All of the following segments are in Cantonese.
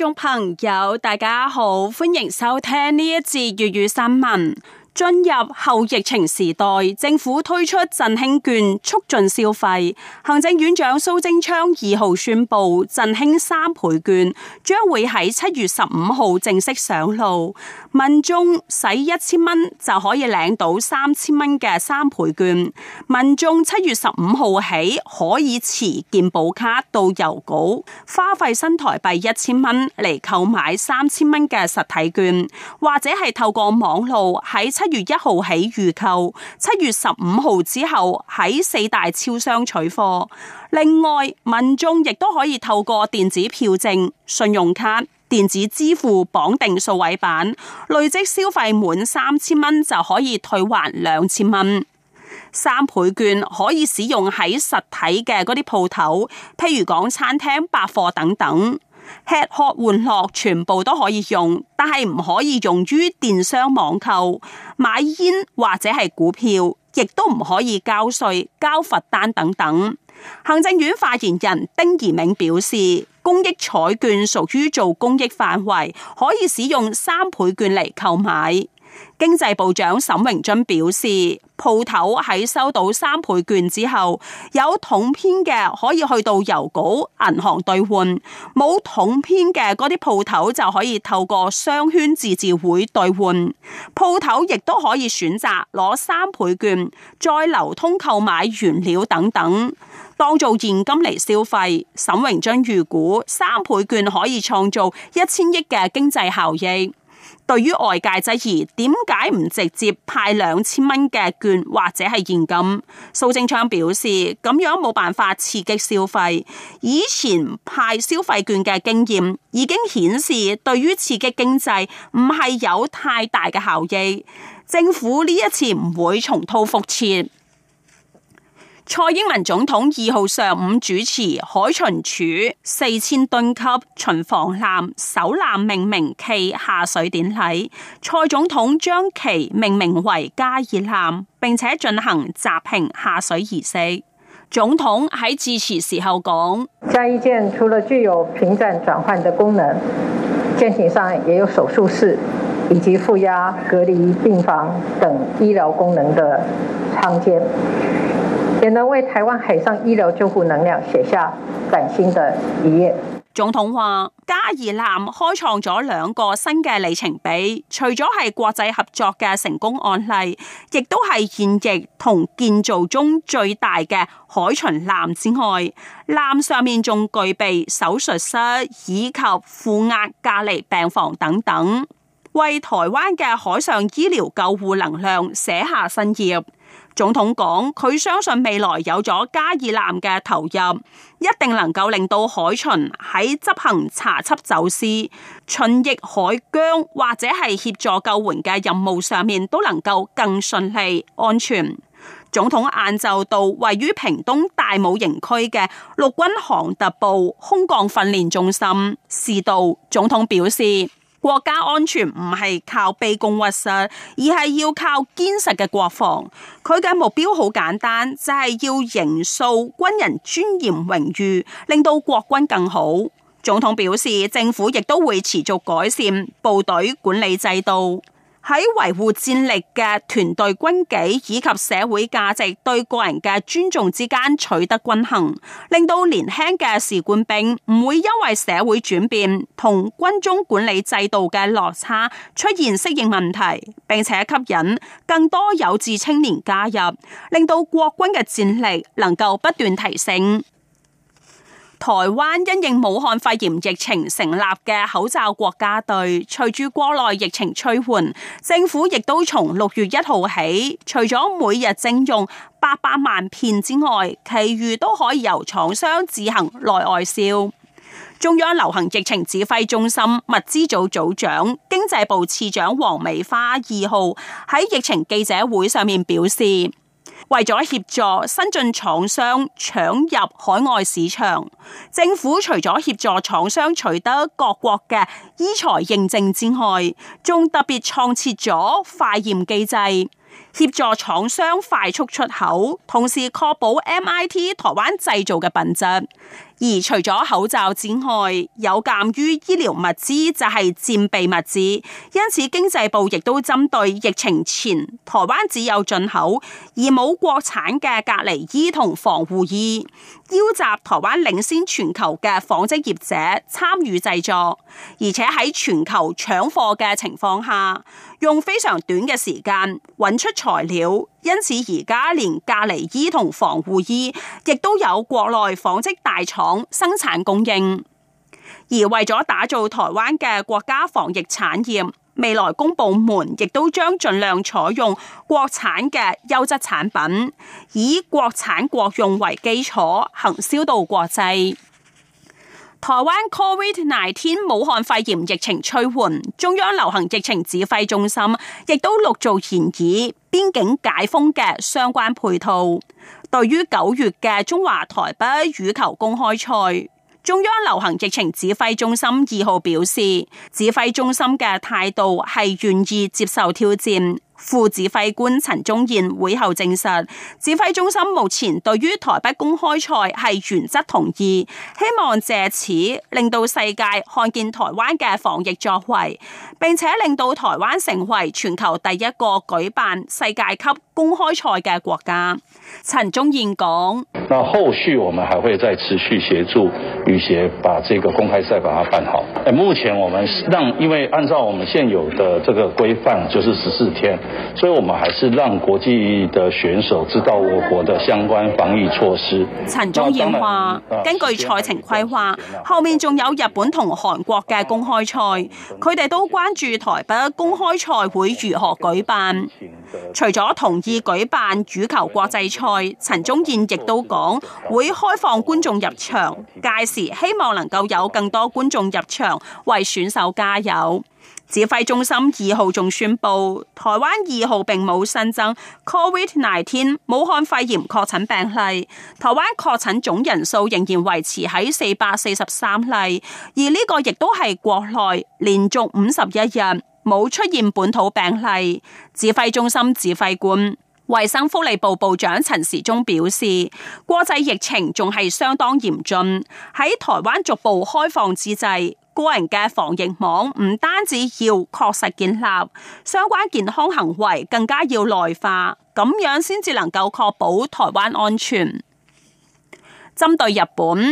聽眾朋友，大家好，歡迎收聽呢一節粵語新聞。進入後疫情時代，政府推出振興券促進消費。行政院長蘇貞昌二號宣佈，振興三倍券將會喺七月十五號正式上路。民眾使一千蚊就可以領到三千蚊嘅三倍券。民眾七月十五號起可以持健保卡到郵局，花費新台幣一千蚊嚟購買三千蚊嘅實體券，或者係透過網路喺七。七月一號起預購，七月十五號之後喺四大超商取貨。另外，民眾亦都可以透過電子票證、信用卡、電子支付綁定數位版，累積消費滿三千蚊就可以退還兩千蚊。三倍券可以使用喺實體嘅嗰啲鋪頭，譬如講餐廳、百貨等等。吃喝玩樂全部都可以用，但係唔可以用於電商網購、買煙或者係股票，亦都唔可以交稅、交罰單等等。行政院發言人丁怡銘表示，公益彩券屬於做公益範圍，可以使用三倍券嚟購買。經濟部長沈榮津表示，鋪頭喺收到三倍券之後，有統編嘅可以去到郵局、銀行兌換；冇統編嘅嗰啲鋪頭就可以透過商圈自治會兌換。鋪頭亦都可以選擇攞三倍券再流通購買原料等等，當做現金嚟消費。沈榮津預估三倍券可以創造一千億嘅經濟效益。對於外界質疑，點解唔直接派兩千蚊嘅券或者係現金？蘇貞昌表示，咁樣冇辦法刺激消費。以前派消費券嘅經驗已經顯示，對於刺激經濟唔係有太大嘅效益。政府呢一次唔會重蹈覆轍。蔡英文總統二號上午主持海巡署四千噸級巡防艦首艦命名暨下水典禮，蔡總統將其命名為嘉義艦，並且進行集平下水儀式。總統喺致辭時候講：嘉義艦除了具有平戰轉換的功能，艦艇上也有手術室以及負壓隔離病房等醫療功能的艙間。也能為臺灣海上醫療救護能量寫下嶄新的一頁。總統話：嘉義艦開創咗兩個新嘅里程碑，除咗係國際合作嘅成功案例，亦都係現役同建造中最大嘅海巡艦之外，艦上面仲具備手術室以及負壓隔離病房等等，為臺灣嘅海上醫療救護能量寫下新頁。總統講：佢相信未來有咗嘉義艦嘅投入，一定能夠令到海巡喺執行查緝走私、巡弋海疆或者係協助救援嘅任務上面，都能夠更順利、安全。總統晏晝到位於屏東大武營區嘅陸軍航特部空降訓練中心視導，總統表示，國家安全唔係靠卑躬屈膝，而係要靠堅實嘅國防。佢嘅目標好簡單，就係、是、要形塑軍人尊嚴榮譽，令到國軍更好。總統表示，政府亦都會持續改善部隊管理制度。喺維護戰力嘅團隊軍紀以及社會價值對個人嘅尊重之間取得均衡，令到年輕嘅士官兵唔會因為社會轉變同軍中管理制度嘅落差出現適應問題，並且吸引更多有志青年加入，令到國軍嘅戰力能夠不斷提升。台灣因應武漢肺炎疫情成立嘅口罩國家隊，隨住國內疫情趨緩，政府亦都從六月一號起，除咗每日徵用八百萬片之外，其餘都可以由廠商自行內外銷。中央流行疫情指揮中心物資組組長、經濟部次長黃美花二號喺疫情記者會上面表示，為咗協助新進廠商搶入海外市場，政府除咗協助廠商取得各國嘅醫材認證之外，仲特別創設咗快驗機制，協助廠商快速出口，同時確保 MIT 台灣製造嘅品質。而除咗口罩之外，有鑑於醫療物資就係戰備物資，因此經濟部亦都針對疫情前台灣只有進口而冇國產嘅隔離衣同防護衣，邀集台灣領先全球嘅紡織業者參與製作，而且喺全球搶貨嘅情況下，用非常短嘅時間揾出材料，因此而家連隔離衣同防護衣亦都有國內紡織大廠，生產供應，而為咗打造台灣嘅國家防疫產業，未來公部門亦都將盡量採用國產嘅優質產品，以國產國用為基礎，行銷到國際。台灣 COVID-19 武漢肺炎疫情趨緩，中央流行疫情指揮中心亦都陸續研擬邊境解封嘅相關配套。對於九月嘅中華台北羽球公開賽，中央流行疫情指揮中心二號表示，指揮中心嘅態度係願意接受挑戰。副指揮官陳宗彥會後證實，指揮中心目前對於台北公開賽係原則同意，希望借此令到世界看見台灣嘅防疫作為，並且令到台灣成為全球第一個舉辦世界級公開賽嘅國家。陳宗彥講：，那後續我們還會再持續協助羽協把這個公開賽把它辦好。哎，目前我們讓，因為按照我們現有的這個規範，就是十四天。所以，我們還是讓國際的選手知道我國的相關防疫措施。陳宗彥話，根據賽程規劃，後面仲有日本同韓國嘅公開賽，佢哋都關注台北公開賽會如何舉辦。除咗同意舉辦羽球國際賽，陳宗彥亦都講會開放觀眾入場，屆時希望能夠有更多觀眾入場為選手加油。指揮中心二號仲宣佈，台灣二號並冇新增 Covid nineteen 武漢肺炎確診病例，台灣確診總人數仍然維持喺四百四十三例，而呢個亦都係國內連續五十一日冇出現本土病例。指揮中心指揮官衛生福利部部部長陳時中表示，國際疫情仲係相當嚴峻，喺台灣逐步開放之際，個人嘅防疫網唔單止要確實建立，相關健康行為更加要內化，咁樣先至能夠確保台灣安全。針對日本、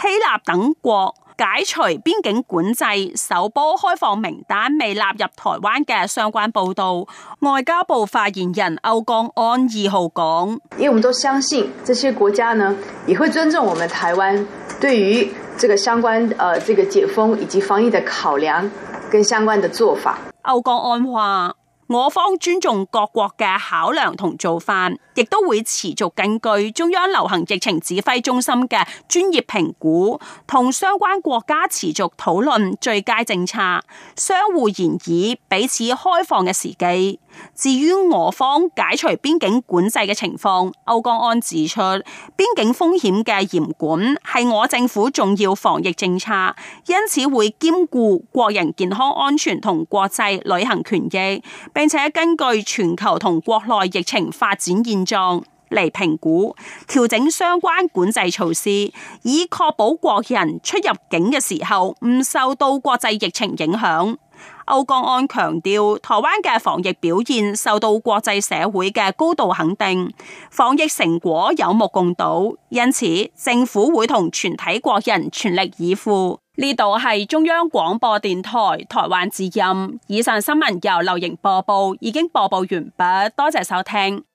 希臘等國解除邊境管制、首波開放名單未納入台灣嘅相關報道，外交部發言人歐江安二號講：因為我們都相信，這些國家呢，也會尊重我們台灣對於。這個相關，誒、呃，這個解封以及防疫的考量，跟相關的做法。歐國安話：我方尊重各國嘅考量同做法，亦都會持續根據中央流行疫情指揮中心嘅專業評估，同相關國家持續討論最佳政策，相互研議彼此開放嘅時機。至於我方解除邊境管制嘅情況，歐江安指出，邊境風險嘅嚴管係我政府重要防疫政策，因此會兼顧國人健康安全同國際旅行權益，並且根據全球同國內疫情發展現狀嚟評估，調整相關管制措施，以確保國人出入境嘅時候唔受到國際疫情影響。歐江安強調，台灣嘅防疫表現受到國際社會嘅高度肯定，防疫成果有目共睹，因此政府會同全體國人全力以赴。呢度係中央廣播電台台灣之音，以上新聞由流瑩播報，已經播報完畢，多謝收聽。